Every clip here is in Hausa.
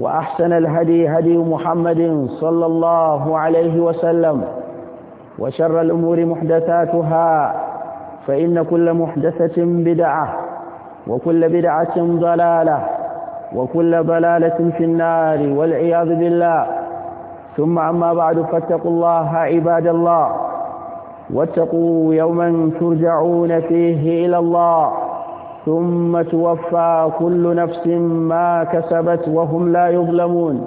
وأحسن الهدي هدي محمد صلى الله عليه وسلم وشر الأمور محدثاتها فإن كل محدثة بدعة وكل بدعة ضلالة وكل ضلالة في النار والعياذ بالله ثم أما بعد فاتقوا الله عباد الله واتقوا يوما ترجعون فيه إلى الله ثم توفى كل نفس ما كسبت وهم لا يظلمون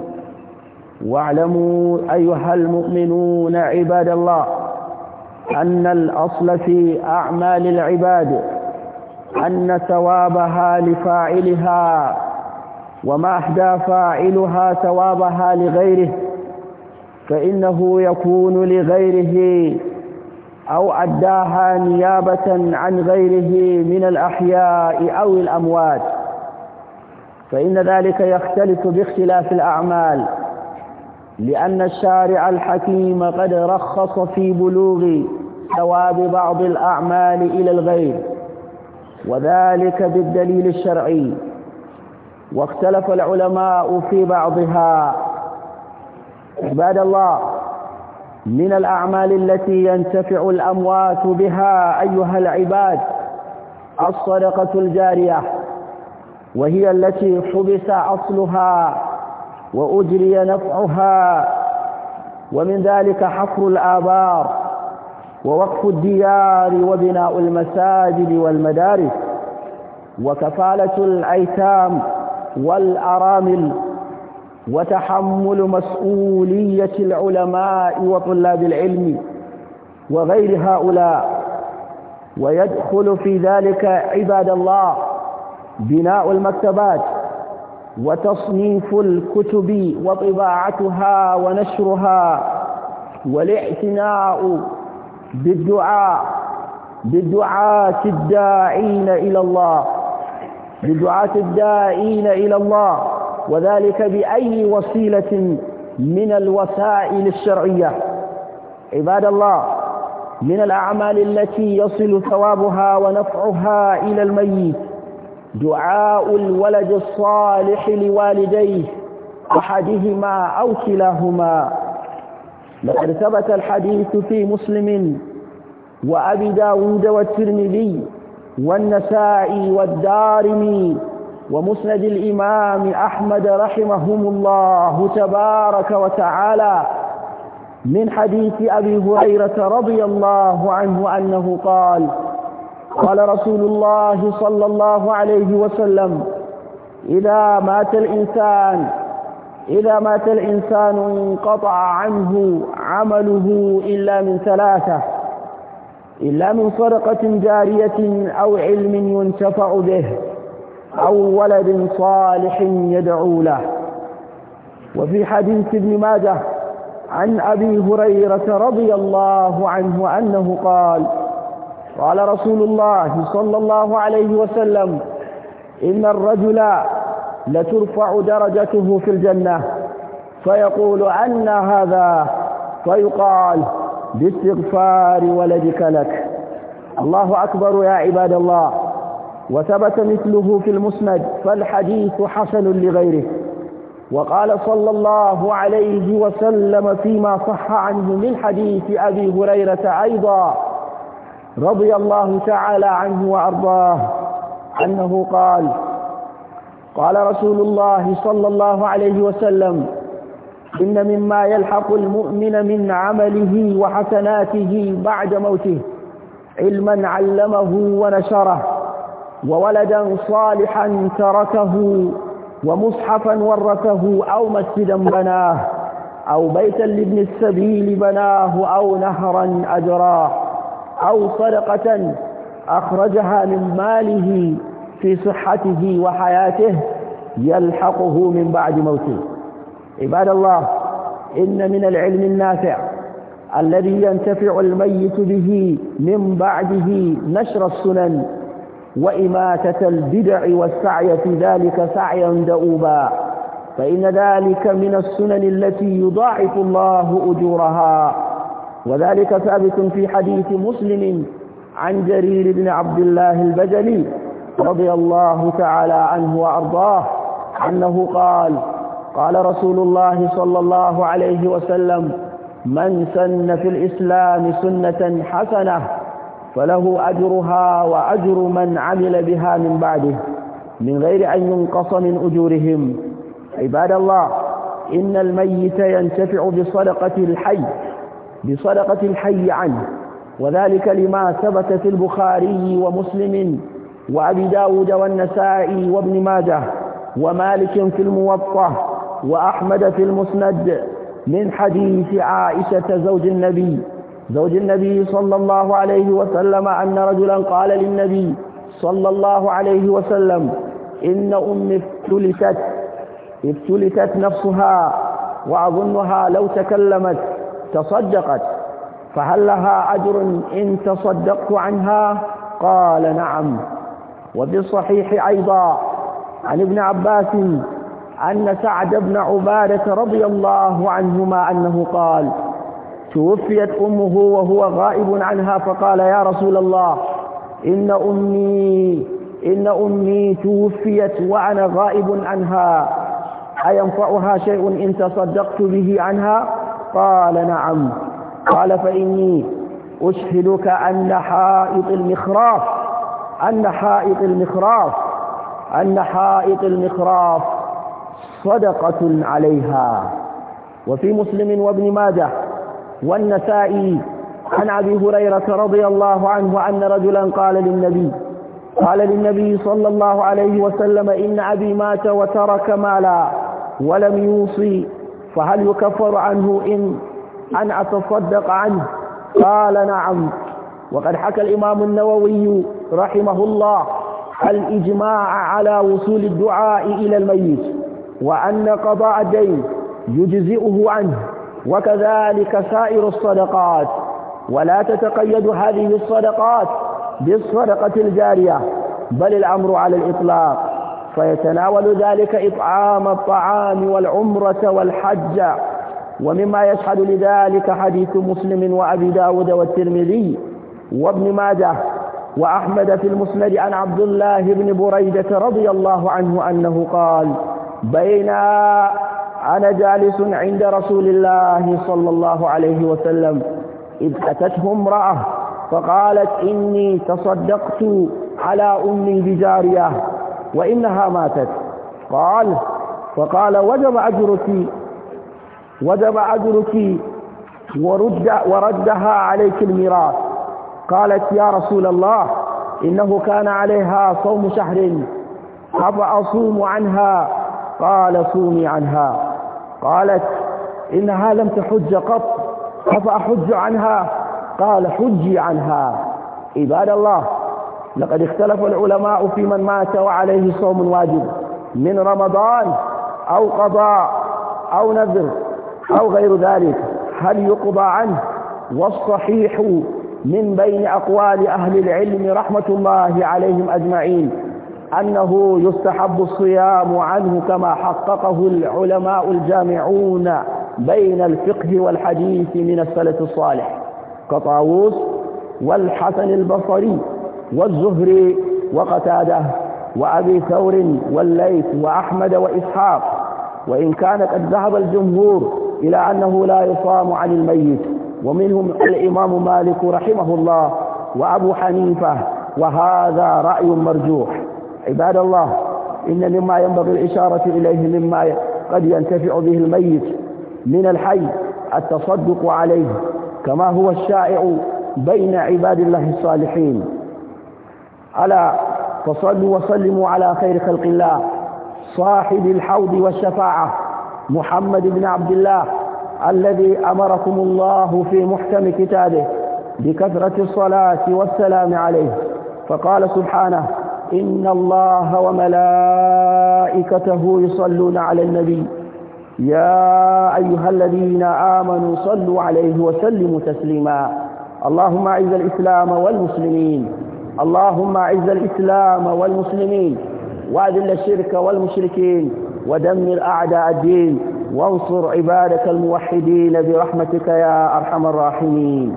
واعلموا أيها المؤمنون عباد الله أن الأصل في أعمال العباد أن ثوابها لفاعلها وما أهدى فاعلها ثوابها لغيره فإنه يكون لغيره أو أداها نيابة عن غيره من الأحياء أو الأموات فإن ذلك يختلف باختلاف الأعمال لأن الشارع الحكيم قد رخص في بلوغ ثواب بعض الأعمال إلى الغير وذلك بالدليل الشرعي واختلف العلماء في بعضها عباد الله من الأعمال التي ينتفع الأموات بها أيها العباد الصدقة الجارية وهي التي حبس أصلها وأجري نفعها ومن ذلك حفر الآبار ووقف الديار وبناء المساجد والمدارس وكفالة الأيتام والأرامل وتحمل مسؤولية العلماء وطلاب العلم وغير هؤلاء ويدخل في ذلك عباد الله بناء المكتبات وتصنيف الكتب وطباعتها ونشرها والاعتناء بالدعاء بالدعاة الداعين إلى الله بالدعاة الداعين إلى الله وذلك بأي وسيلة من الوسائل الشرعية عباد الله من الأعمال التي يصل ثوابها ونفعها إلى الميت دعاء الولد الصالح لوالديه أحدهما أو كلاهما لقد ثبت الحديث في مسلم وأبي داود والترمذي والنسائي والدارمي ومسند الإمام أحمد رحمهم الله تبارك وتعالى من حديث أبي هريرة رضي الله عنه أنه قال قال رسول الله صلى الله عليه وسلم إذا مات الإنسان إذا مات الإنسان انقطع عنه عمله إلا من ثلاثة إلا من صدقة جارية أو علم ينتفع به أو ولد صالح يدعو له وفي حديث ابن ماجه عن أبي هريرة رضي الله عنه أنه قال قال رسول الله صلى الله عليه وسلم إن الرجل لترفع درجته في الجنة فيقول أن هذا فيقال باستغفار ولدك لك الله أكبر يا عباد الله وثبت مثله في المسند فالحديث حسن لغيره وقال صلى الله عليه وسلم فيما صح عنه من حديث أبي هريرة أيضا رضي الله تعالى عنه وأرضاه أنه قال قال رسول الله صلى الله عليه وسلم إن مما يلحق المؤمن من عمله وحسناته بعد موته علما علمه ونشره وولدا صالحا تركه ومصحفا ورثه أو مسجدا بناه أو بيتا لابن السبيل بناه أو نهرا أجراه أو صدقة أخرجها من ماله في صحته وحياته يلحقه من بعد موته عباد الله إن من العلم النافع الذي ينتفع الميت به من بعده نشر السنن وإماتة البدع والسعي في ذلك سعيا دؤوبا فإن ذلك من السنن التي يضاعف الله أجورها وذلك ثابت في حديث مسلم عن جرير بن عبد الله البجلي رضي الله تعالى عنه وأرضاه أنه قال قال رسول الله صلى الله عليه وسلم من سن في الإسلام سنة حسنة فله أجرها وأجر من عمل بها من بعده من غير أن ينقص من أجورهم عباد الله إن الميت ينتفع بصدقة الحي بصدقة الحي عنه وذلك لما ثبت في البخاري ومسلم وأبي داود والنسائي وابن ماجه ومالك في الموطأ وأحمد في المسند من حديث عائشة زوج النبي زوج النبي صلى الله عليه وسلم أن رجلا قال للنبي صلى الله عليه وسلم إن أمي ابتلست ابتلست نفسها وأظنها لو تكلمت تصدقت فهل لها أجر إن تصدقت عنها قال نعم وفي الصحيح أيضا عن ابن عباس أن سعد بن عبادة رضي الله عنهما أنه قال توفيت أمه وهو غائب عنها فقال يا رسول الله إن أمي إن أمي توفيت وأنا غائب عنها أينفعها شيء إن تصدقت به عنها قال نعم قال فإني أشهدك أن حائط المخراف أن حائط المخراف أن حائط المخراف صدقة عليها وفي مسلم وابن ماجه والنسائي عن أبي هريرة رضي الله عنه أن رجلا قال للنبي قال للنبي صلى الله عليه وسلم إن أبي مات وترك مالا ولم يوصي فهل يكفر عنه إن أن أتصدق عنه قال نعم وقد حكى الإمام النووي رحمه الله الإجماع على وصول الدعاء إلى الميت وأن قضاء الدين يجزئه عنه وكذلك سائر الصدقات ولا تتقيد هذه الصدقات بالصدقة الجارية بل الأمر على الإطلاق فيتناول ذلك إطعام الطعام والعمرة والحج ومما يشهد لذلك حديث مسلم وأبي داود والترمذي وابن ماجه وأحمد في المسند عن عبد الله بن بريدة رضي الله عنه أنه قال بين أنا جالس عند رسول الله صلى الله عليه وسلم إذ أتته امرأة فقالت إني تصدقت على أمي بجارية وإنها ماتت قال فقال وجب أجرك وجب أجرك ورد وردها عليك الميراث قالت يا رسول الله إنه كان عليها صوم شهر أفأصوم عنها قال صومي عنها قالت إنها لم تحج قط أفأحج عنها قال حجي عنها عباد الله لقد اختلف العلماء في من مات وعليه صوم واجب من رمضان أو قضاء أو نذر أو غير ذلك هل يقضى عنه والصحيح من بين أقوال أهل العلم رحمة الله عليهم أجمعين أنه يستحب الصيام عنه كما حققه العلماء الجامعون بين الفقه والحديث من السلف الصالح كطاووس والحسن البصري والزهري وقتاده وأبي ثور والليث وأحمد وإسحاق وإن كان قد ذهب الجمهور إلى أنه لا يصام عن الميت ومنهم الإمام مالك رحمه الله وأبو حنيفة وهذا رأي مرجوح عباد الله إن مما ينبغي الإشارة إليه مما قد ينتفع به الميت من الحي التصدق عليه كما هو الشائع بين عباد الله الصالحين ألا فصلوا وسلموا على خير خلق الله صاحب الحوض والشفاعة محمد بن عبد الله الذي أمركم الله في محكم كتابه بكثرة الصلاة والسلام عليه فقال سبحانه إن الله وملائكته يصلون على النبي يا أيها الذين آمنوا صلوا عليه وسلموا تسليما اللهم أعز الإسلام والمسلمين اللهم أعز الإسلام والمسلمين وأذل الشرك والمشركين ودمر أعداء الدين وانصر عبادك الموحدين برحمتك يا أرحم الراحمين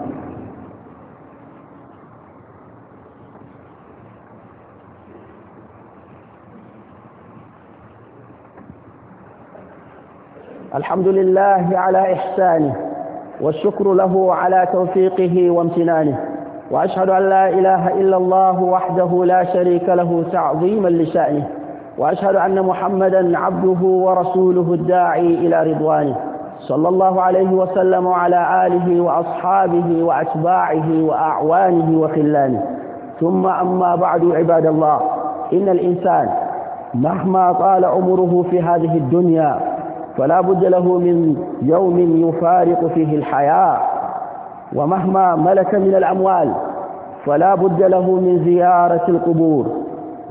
الحمد لله على إحسانه والشكر له على توفيقه وامتنانه وأشهد أن لا إله إلا الله وحده لا شريك له تعظيما لشأنه وأشهد أن محمدا عبده ورسوله الداعي إلى رضوانه صلى الله عليه وسلم وعلى آله وأصحابه وأتباعه وأعوانه وخلانه ثم أما بعد عباد الله إن الإنسان مهما طال عمره في هذه الدنيا فلا بد له من يوم يفارق فيه الحياة ومهما ملك من الأموال فلا بد له من زيارة القبور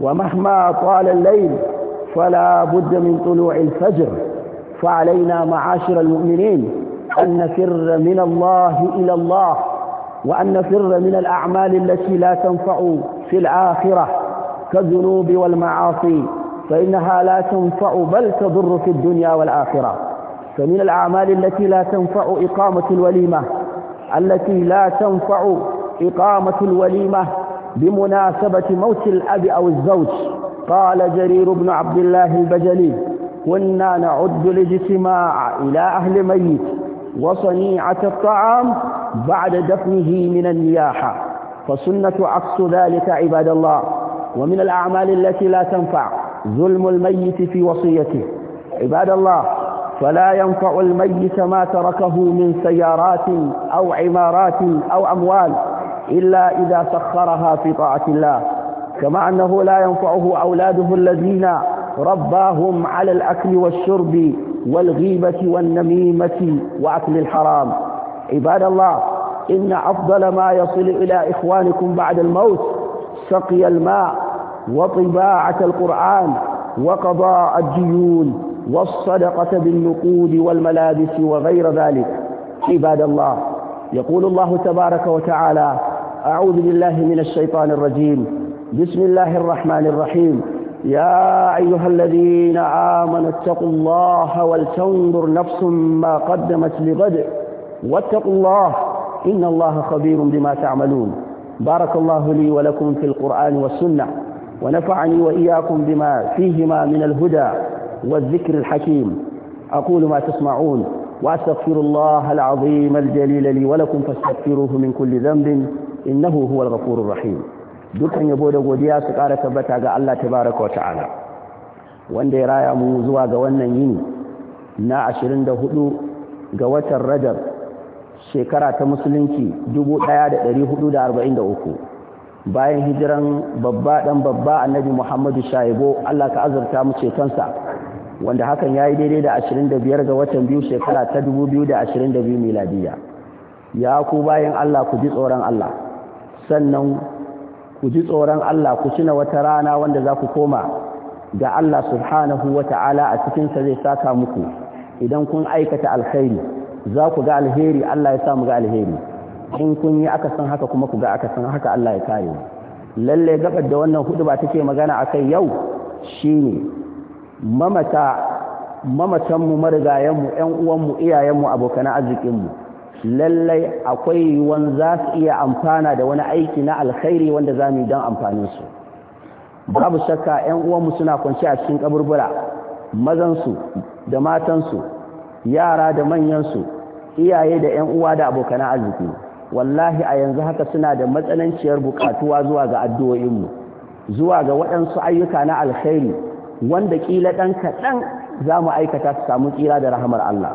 ومهما طال الليل فلا بد من طلوع الفجر فعلينا معاشر المؤمنين أن نفر من الله إلى الله وأن نفر من الأعمال التي لا تنفع في الآخرة كالذنوب والمعاصي فإنها لا تنفع بل تضر في الدنيا والآخرة فمن الأعمال التي لا تنفع إقامة الوليمة التي لا تنفع إقامة الوليمة بمناسبة موت الأب أو الزوج قال جرير بن عبد الله البجلي كنا نعد الاجتماع إلى أهل ميت وصنيعة الطعام بعد دفنه من النياحة فسنة عكس ذلك عباد الله ومن الأعمال التي لا تنفع ظلم الميت في وصيته عباد الله فلا ينفع الميت ما تركه من سيارات أو عمارات أو أموال إلا إذا سخرها في طاعة الله كما أنه لا ينفعه أولاده الذين رباهم على الأكل والشرب والغيبة والنميمة وأكل الحرام عباد الله إن أفضل ما يصل إلى إخوانكم بعد الموت سقي الماء وطباعة القرآن وقضاء الديون والصدقة بالنقود والملابس وغير ذلك عباد الله يقول الله تبارك وتعالى أعوذ بالله من الشيطان الرجيم بسم الله الرحمن الرحيم يا أيها الذين آمنوا اتقوا الله ولتنظر نفس ما قدمت لغد واتقوا الله إن الله خبير بما تعملون بارك الله لي ولكم في القرآن والسنة ونفعني وإياكم بما فيهما من الهدى والذكر الحكيم أقول ما تسمعون وأستغفر الله العظيم الجليل لي ولكم فاستغفروه من كل ذنب إنه هو الغفور الرحيم دوك أن يبود وديا سكارة ثبتا على الله تبارك وتعالى وان دي رايا موزوا غوانا يني نا عشرين ده هدو غوات الرجب شكرا تمسلنكي جبو تايا ده ده هدو ده أربعين ده أكو bayan hijiran babba dan babba annabi Muhammadu Shaibo Allah ka azurta mu cetonsa wanda hakan yayi daidai da 25 ga watan biyu shekara ta 2022 miladiya ya ku bayan Allah ku ji tsoron Allah sannan ku ji tsoron Allah ku cina wata rana wanda za ku koma ga Allah subhanahu wata'ala a cikin sa zai saka muku idan kun aikata alkhairi za ku ga alheri Allah ya sa mu ga alheri in kun yi aka san haka kuma ku ga aka san haka Allah ya kare mu lalle gabar da wannan hudu ba take magana akai yau shine mamata mamatan mu marigayen mu ƴan uwan mu iyayen mu abokan arzikin mu lalle akwai yiwuwan za su iya amfana da wani aiki na alkhairi wanda za mu yi don amfanin su babu shakka ƴan uwan mu suna kwance a cikin kaburbura mazan su da matan su yara da manyan su iyaye da ƴan uwa da abokan arziki wallahi a yanzu haka suna da matsananciyar bukatuwa zuwa ga addu'o'inmu zuwa ga waɗansu ayyuka na alkhairi wanda ƙila ɗan kaɗan za mu aikata su samu tsira da rahamar Allah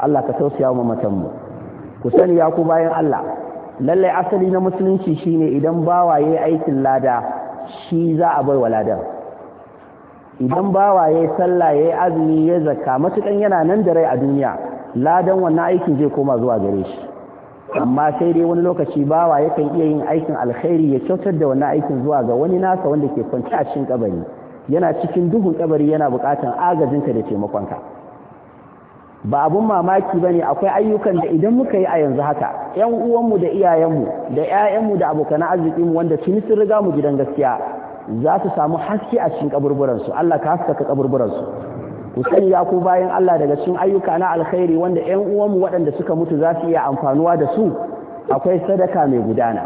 Allah ka tausaya wa matanmu ku sani ya ku bayan Allah lallai asali na musulunci shine idan bawaye aikin lada shi za a bai wa ladan idan bawaye sallah yayi azumi ya zakka matukan yana nan da rai a duniya ladan wannan aikin zai koma zuwa gare shi amma sai dai wani lokaci bawa yakan iya yin aikin alkhairi ya kyautar da wannan aikin zuwa ga wani nasa wanda ke kwanci a cikin kabari yana cikin duhun kabari yana bukatan agajinka da taimakonka ba abun mamaki ba ne akwai ayyukan da idan muka yi a yanzu haka ‘yan uwanmu da iyayenmu da ‘ya'yanmu da abokan arzikinmu wanda tuni sun riga mu gidan gaskiya za su samu haske a cikin kaburburansu Allah ka ka kaburburansu ku sanya ya ku bayan Allah daga cikin ayyuka na alkhairi wanda ƴan uwanmu waɗanda suka mutu za su iya amfanuwa da su akwai sadaka mai gudana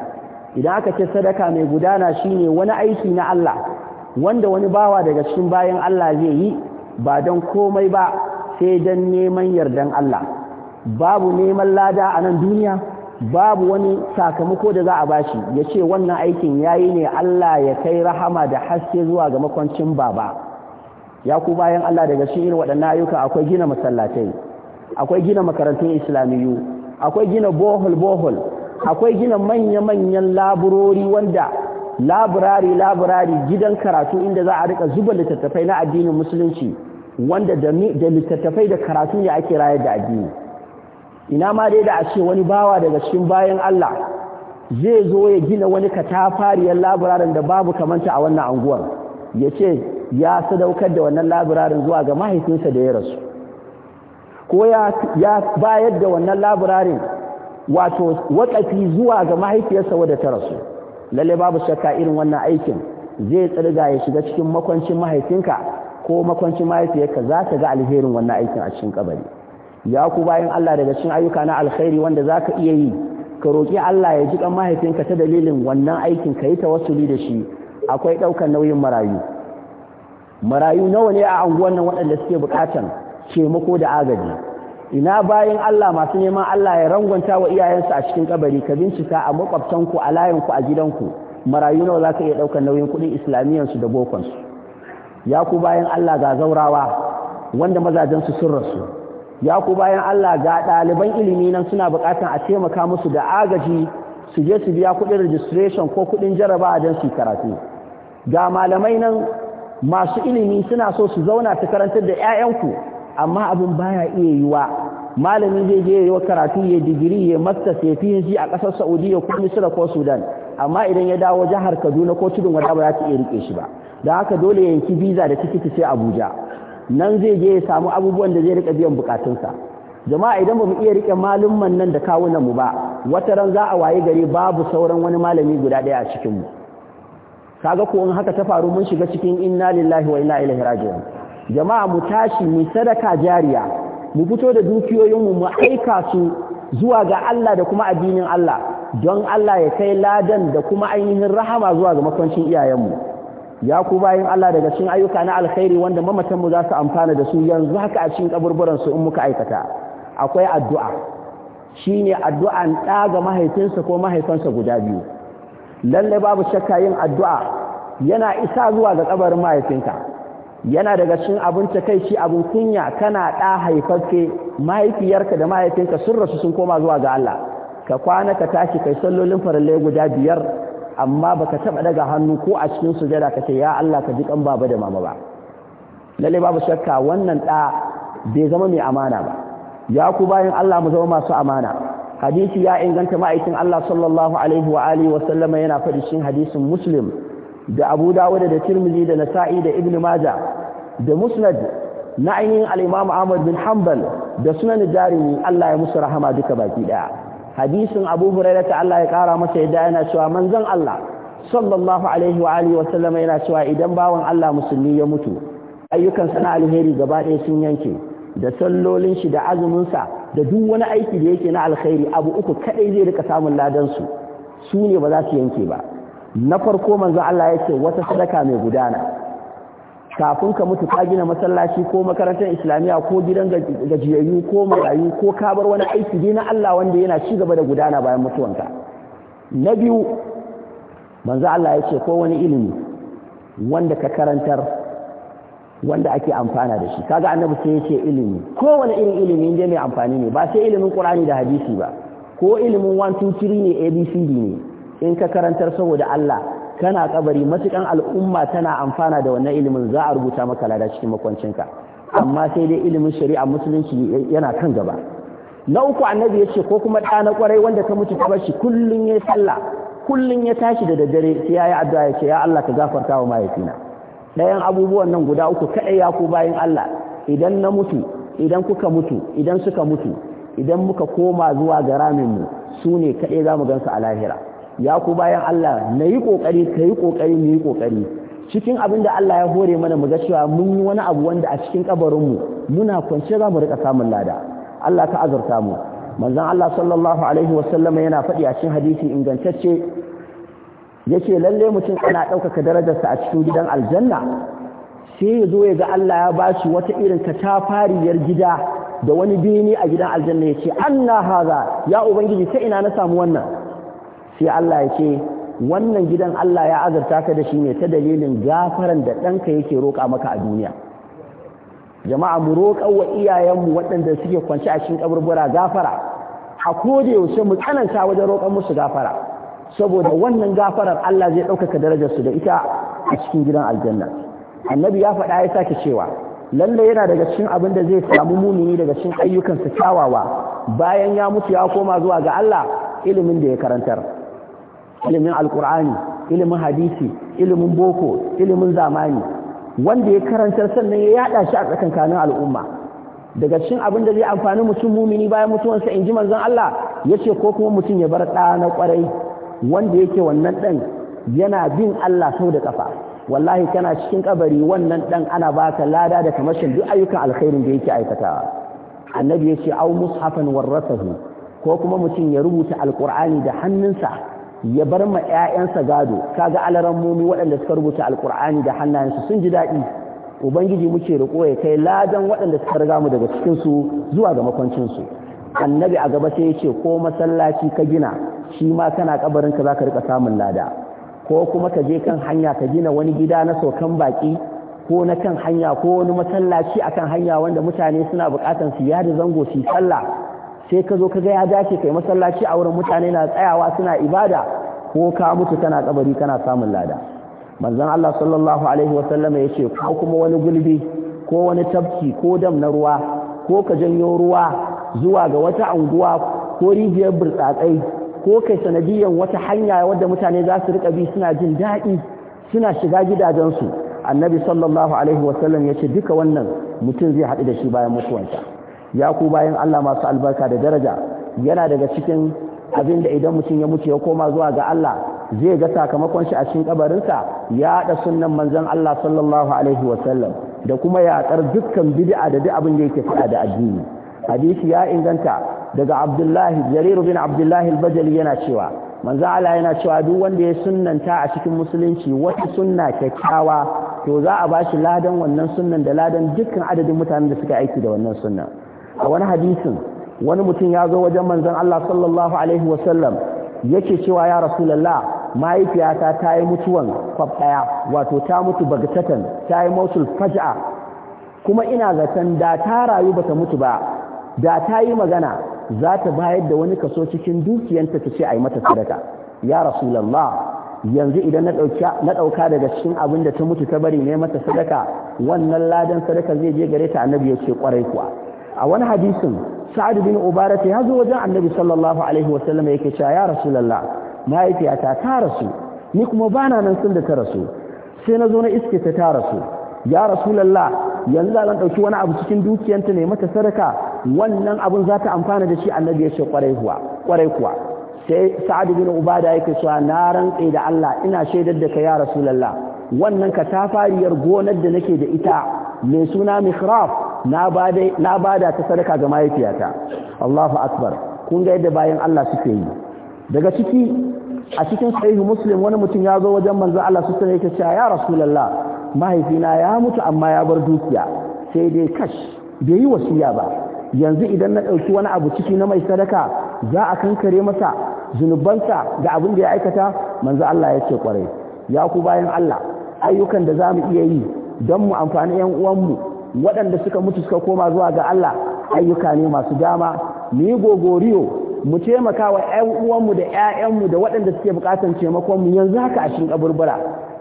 idan aka ce sadaka mai gudana shine wani aiki na Allah wanda wani bawa daga cikin bayan Allah zai yi ba don komai ba sai don neman yardan Allah babu neman lada a nan duniya babu wani sakamako da za a bashi ya ce wannan aikin yayi ne Allah ya kai rahama da haske zuwa ga makwancin baba ya ku bayan Allah daga cikin irin waɗannan ayyuka akwai gina masallatai akwai gina makarantun islamiyu akwai gina bohol bohol akwai gina manya-manyan laburori wanda laburari laburari gidan karatu inda za a rika zuba littattafai na addinin musulunci wanda da littattafai da karatu ne ake rayar da addini ina ma dai da a ce wani bawa daga cikin bayan Allah zai zo ya gina wani katafariyar laburarin da babu kamanta a wannan anguwar ya ce ya sadaukar da wannan labirarin zuwa ga mahaifinsa da ya rasu ko ya bayar da wannan labirarin wato wakafi zuwa ga mahaifiyarsa wadda ta rasu lalle babu shakka irin wannan aikin zai tsirga ya shiga cikin makwancin mahaifinka ko makwancin mahaifiyarka za ta ga alherin wannan aikin a cikin kabari ya ku bayan Allah daga cikin ayyuka na alkhairi wanda za ka iya yi ka roƙi Allah ya ji kan mahaifinka ta dalilin wannan aikin ka yi tawassuli da shi akwai ɗaukar nauyin marayu marayu nawa ne a anguwan nan waɗanda suke buƙatan taimako da agaji ina bayan Allah masu neman Allah ya rangwanta wa iyayensu a cikin kabari ka bincika a makwabtanku a layinku a gidanku marayu nawa za ka iya ɗaukar nauyin kuɗin islamiyansu da bokonsu ya ku bayan Allah ga zaurawa wanda mazajensu sun rasu ya ku bayan Allah ga ɗaliban ilimi nan suna buƙatan a taimaka musu da agaji su je su biya kuɗin registration ko kuɗin jarabawa don su karatu ga malamai nan masu ilimi suna so su zauna ta karantar da 'ya'yanku amma abin baya iya yi wa malami zai je yi karatu ya digiri ya mastas ya PhD a ƙasar Saudiya ko Misira ko Sudan amma idan ya dawo jihar Kaduna ko cikin wadda ba za ta iya rike shi ba da haka dole ya yanki biza da tikiti sai Abuja nan zai je ya samu abubuwan da zai rika biyan bukatunsa jama'a idan ba mu iya rike malumman nan da kawunan mu ba wata ran za a waye gari babu sauran wani malami guda ɗaya a cikin mu kaga ko in haka ta faru mun shiga cikin inna lillahi wa inna ilaihi raji'un jama'a mu tashi mu sadaka jariya mu fito da dukiyoyin mu mu aika su zuwa ga Allah da kuma addinin Allah don Allah ya kai ladan da kuma ainihin rahama zuwa ga makwancin iyayenmu ya ku bayin Allah daga cikin ayyuka na alkhairi wanda mamatanmu za su amfana da su yanzu haka a cikin kaburburan su in muka aikata akwai addu'a shine addu'an ɗaga mahaifinsa ko mahaifansa guda biyu Lallai babu shakka yin addu'a yana isa zuwa ga kabarin mahaifinka yana daga cikin kai shi abin kunya kana da haifaffe mahaifiyarka da mahaifinka sun rasu sun koma zuwa ga Allah ka kwana ka tashi kai sallolin farallai guda biyar amma baka taba daga hannu ko a cikin sujada ka ce ya Allah ka ji kan baba da mama ba Lallai babu shakka wannan ɗa bai zama mai amana ba ya ku bayan Allah mu zama masu amana hadisi ya inganta ma'aikin Allah sallallahu alaihi wa alihi wa sallama yana faɗi cikin hadisin Muslim da Abu Dawud da Tirmidhi da Nasa'i da Ibn Majah da Musnad na ainihin al-Imam Ahmad bin Hanbal da Sunan jarumin Allah ya musu rahama duka baki daya hadisin Abu Hurairah ta Allah ya kara masa yadda yana cewa manzon Allah sallallahu alaihi wa alihi wa sallama yana cewa idan bawan Allah musulmi ya mutu ayyukan sana alheri gaba ɗaya sun yanke da sallolin shi da azumin sa da duk wani aiki da yake na alkhairi abu uku kadai zai rika samun ladan su su ne ba za su yanke ba na farko manzo Allah ya ce wata sadaka mai gudana kafin ka mutu ka gina masallaci ko makarantar islamiyya ko gidan gajiyayyu ko marayu ko ka bar wani aiki dai na Allah wanda yana ci gaba da gudana bayan mutuwanka na biyu manzo Allah ya ce ko wani ilimi wanda ka karantar wanda ake amfana da shi kaga annabi sai yace ilimi kowane irin ilimi inda mai amfani ne ba sai ilimin qur'ani da hadisi ba ko ilimin 1 2 3 ne abcd ne in ka karantar saboda Allah kana kabari matukan al'umma tana amfana da wannan ilimin za a rubuta maka lada cikin makwancinka amma sai dai ilimin shari'a musulunci yana kan gaba na uku annabi yace ko kuma da na kwarai wanda ka mutu ka bashi kullun yayi sallah kullun ya tashi da daddare sai yayi addu'a yace ya Allah ka gafarta wa mahaifina ɗayan abubuwan nan guda uku kaɗai ya ku bayan Allah idan na mutu idan kuka mutu idan suka mutu idan muka koma zuwa ga raminmu su ne kaɗai za mu gansu a lahira ya ku bayan Allah na yi ƙoƙari ka yi ƙoƙari mu yi ƙoƙari cikin abin da Allah ya hore mana mu ga cewa mun yi wani abu wanda a cikin kabarinmu muna kwance za mu riƙa samun lada Allah ka azurta mu manzon Allah sallallahu alaihi wasallam yana faɗi a cikin hadisi ingantacce yake lalle mutum ana ɗaukaka darajarsa a cikin gidan aljanna sai ya zo ya ga Allah ya ba shi wata irin katafariyar gida da wani bini a gidan aljanna ya ce na haza ya ubangiji sai ina na samu wannan sai Allah ya ce wannan gidan Allah ya azurta ka da shi ne ta dalilin gafaran da ɗanka yake roƙa maka a duniya jama'a mu roƙa wa iyayenmu waɗanda suke kwance a cikin kaburbura gafara a koda yaushe mu tsananta wajen roƙan musu gafara saboda wannan gafarar Allah zai ɗaukaka darajarsu da ita a cikin gidan aljanna annabi ya faɗa ya sake cewa lalle yana daga cikin abin da zai samu mumini daga cikin ayyukansa kyawawa bayan ya mutu ya koma zuwa ga Allah ilimin da ya karantar ilimin alkur'ani ilimin hadisi ilimin boko ilimin zamani wanda ya karantar sannan ya yada shi a tsakankanin al'umma daga cikin abin da zai amfani mutum mumini bayan mutuwansa in ji manzon Allah yace ko kuma mutum ya bar ɗa na kwarai wanda yake wannan ɗan yana bin Allah sau da ƙafa wallahi kana cikin ƙabari wannan ɗan ana ba baka lada da kamashin duk ayyukan alkhairin da yake aikatawa annabi ya ce au mushafan warrasahu ko kuma mutum ya rubuta Alƙur'ani da hannunsa ya bar ma 'ya'yansa gado kaga alaran mumi waɗanda suka rubuta Alƙur'ani da hannayensu sun ji daɗi ubangiji muke riko ya kai ladan waɗanda suka riga mu daga cikinsu zuwa ga makwancin annabi a gaba sai ya ce ko masallaci ka gina shi ma kana kabarin ka zaka rika samun lada ko kuma ka je kan hanya ka gina wani gida na saukan baki ko na kan hanya ko wani masallaci akan hanya wanda mutane suna bukatan su yada zango su sallah sai ka zo ka ga ya dace kai masallaci a wurin mutane na tsayawa suna ibada ko ka mutu kana kabari kana samun lada manzon Allah sallallahu alaihi wasallam ya ce ko kuma wani gulbi ko wani tafki ko dam na ruwa ko ka janyo ruwa zuwa ga wata anguwa ko rijiyar burtsatsai ko kai sanadiyan wata hanya wadda mutane za su rika bi suna jin daɗi suna shiga gidajensu annabi sallallahu alaihi wasallam ya ce duka wannan mutum zai haɗu da shi bayan mutuwansa ya ku bayan Allah masu albarka da daraja yana daga cikin abin da idan mutum ya mutu ya koma zuwa ga Allah zai ga sakamakon shi a cikin kabarinsa ya haɗa sunnan manzon Allah sallallahu alaihi wasallam da kuma ya kar dukkan bid'a da duk abin da yake fada da addini hadisi ya inganta daga abdullahi jariru bin abdullahi al yana cewa manzo Allah yana cewa duk wanda ya sunnanta a cikin musulunci wata sunna kyakkyawa to za a bashi ladan wannan sunnan da ladan dukkan adadin mutanen da suka aiki da wannan sunna a wani hadisin wani mutum ya zo wajen manzon Allah sallallahu alaihi wa yake cewa ya rasulallah mahaifiyata ta yi mutuwan kwab ɗaya, wato ta mutu Bagtatan ta yi mausul faj'a kuma ina zaton da ta rayu bata mutu ba da ta yi magana za ta bayar da wani kaso cikin dukiyanta ta ce a yi mata sadaka ya rasulallah yanzu idan na ɗauka daga cikin abin da ta mutu ta bari ne mata sadaka wannan ladan sadaka zai je gare ta annabi ya ce kwarai kuwa a wani hadisin sa'ad bin ubarata ya zo wajen annabi sallallahu alaihi wa sallam yake cewa ya rasulullah mahaifiyata ta rasu ni kuma bana nan sun da ta rasu sai na zo na iske ta ta rasu ya rasulullah yanzu zan ɗauki wani abu cikin dukiyanta ne mata sadaka wannan abun za ta amfana da shi annabi ya ce kwarai kuwa sai sa'ad bin ubada yake cewa na rantse da Allah ina shaidar da ka ya rasulullah wannan katafariyar gonar da nake da ita mai suna mihraf na bada na ta sadaka ga mahaifiyata Allahu akbar kun ga yadda bayan Allah suke yi daga ciki a cikin sahihu muslim wani mutum ya zo wajen manzo Allah su alaihi yake cewa ya rasulullah mahaifina ya mutu amma ya bar dukiya sai dai kash bai yi wasiya ba yanzu idan na ɗauki wani abu ciki na mai sadaka za a kankare masa zunubansa da abin da ya aikata manzo Allah ya ce kwarai ya ku bayan Allah ayyukan da za mu iya yi don mu amfani ‘yan uwanmu waɗanda suka mutu suka koma zuwa ga Allah ayyuka ne masu dama mu yi gogoriyo mu taimaka wa ‘yan uwanmu da ‘ya'yanmu da waɗanda suke buƙatar taimakon mu yanzu haka a cikin kaburbura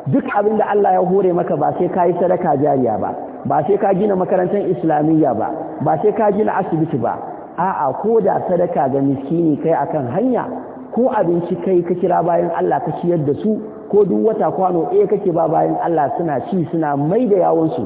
duk abin da Allah ya hore maka ba sai ka yi sadaka jariya ba ba sai ka gina makarantar islamiyya ba ba sai ka gina asibiti ba a'a ko da sadaka ga miskini kai akan hanya ko abinci kai ka kira bayan Allah ka ciyar da su ko duk wata kwano e kake ba bayan Allah suna ci suna mai da su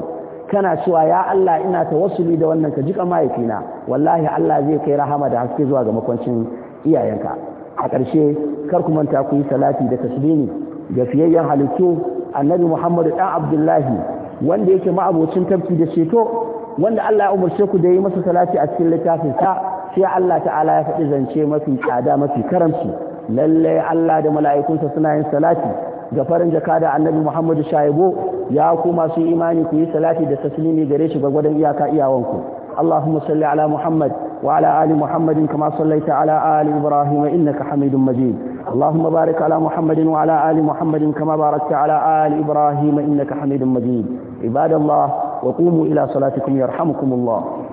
kana cewa ya Allah ina ta wasuli da wannan ka jika mahaifina wallahi Allah zai kai rahama da haske zuwa ga makwancin iyayenka a ƙarshe kar ku manta ku yi salati da tasbihi ga fiyayyen halittu annabi muhammad dan Abdullahi wanda yake ma'abocin tafki da ceto wanda Allah ya umarce ku da yi masa salati a cikin littafin sa sai Allah ta'ala ya faɗi zance mafi tsada mafi karamci lalle Allah da mala'ikunsa suna yin salati ga farin jaka da annabi Muhammadu Shaibo ya ku masu imani ku yi salati da taslimi gare shi ga gwagwadon iyaka iyawanku Allahumma salli ala Muhammad wa ala آل محمد كما صليت على آل إبراهيم إنك حميد مجيد اللهم بارك على محمد وعلى آل محمد كما باركت على آل إبراهيم إنك حميد مجيد عباد الله وقوموا إلى صلاتكم يرحمكم الله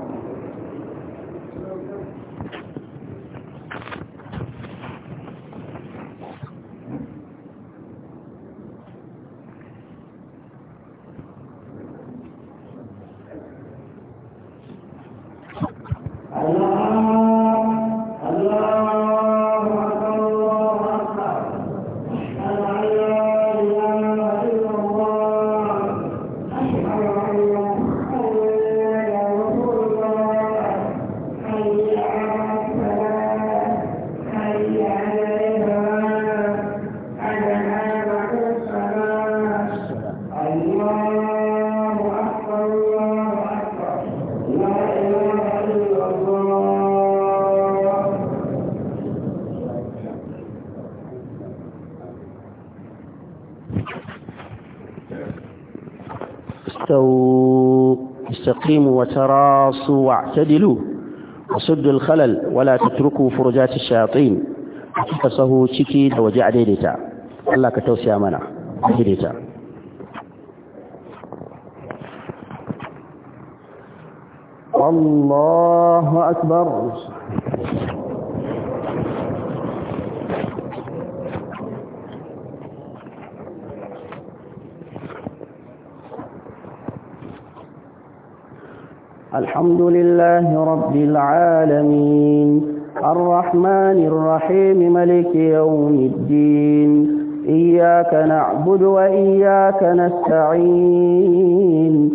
استقيموا وتراصوا واعتدلوا وسدوا الخلل ولا تتركوا فرجات الشياطين فسهو شكي وجع ديدتا الله كتوسيا منا ديدتا الله أكبر الحمد لله رب العالمين الرحمن الرحيم ملك يوم الدين إياك نعبد وإياك نستعين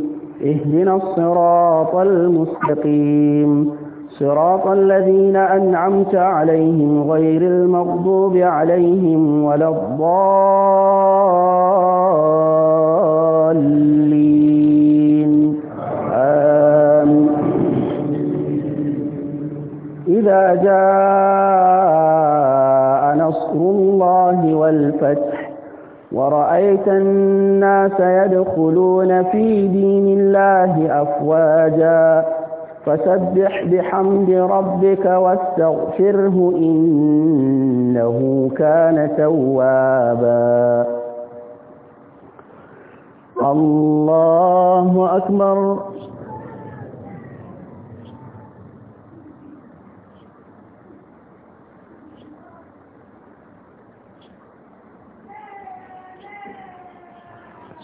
اهدنا الصراط المستقيم صراط الذين أنعمت عليهم غير المغضوب عليهم ولا الضالين إذا جاء نصر الله والفتح ورأيت الناس يدخلون في دين الله أفواجا فسبح بحمد ربك واستغفره إنه كان توابا الله أكبر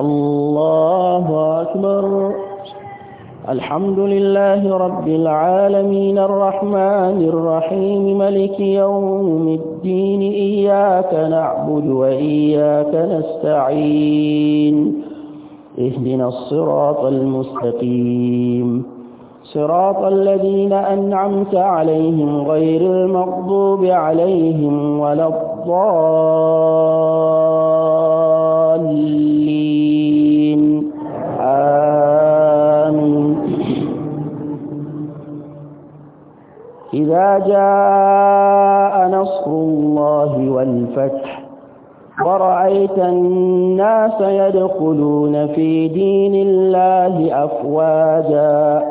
الله أكبر الحمد لله رب العالمين الرحمن الرحيم ملك يوم الدين إياك نعبد وإياك نستعين اهدنا الصراط المستقيم صراط الذين أنعمت عليهم غير المغضوب عليهم ولا الضالين إذا جاء نصر الله والفتح ورأيت الناس يدخلون في دين الله أفواجا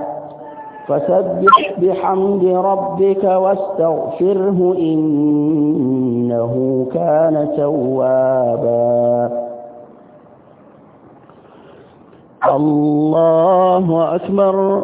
فسبح بحمد ربك واستغفره إنه كان توابا الله أكبر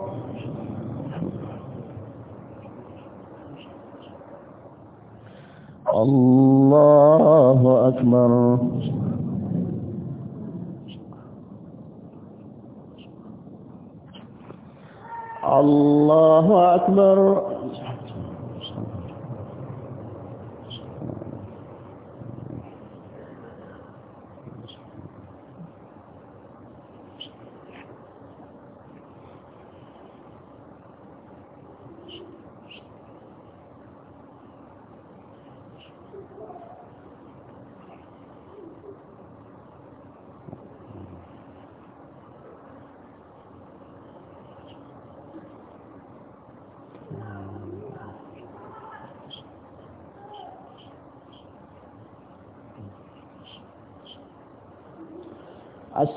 الله أكبر الله أكبر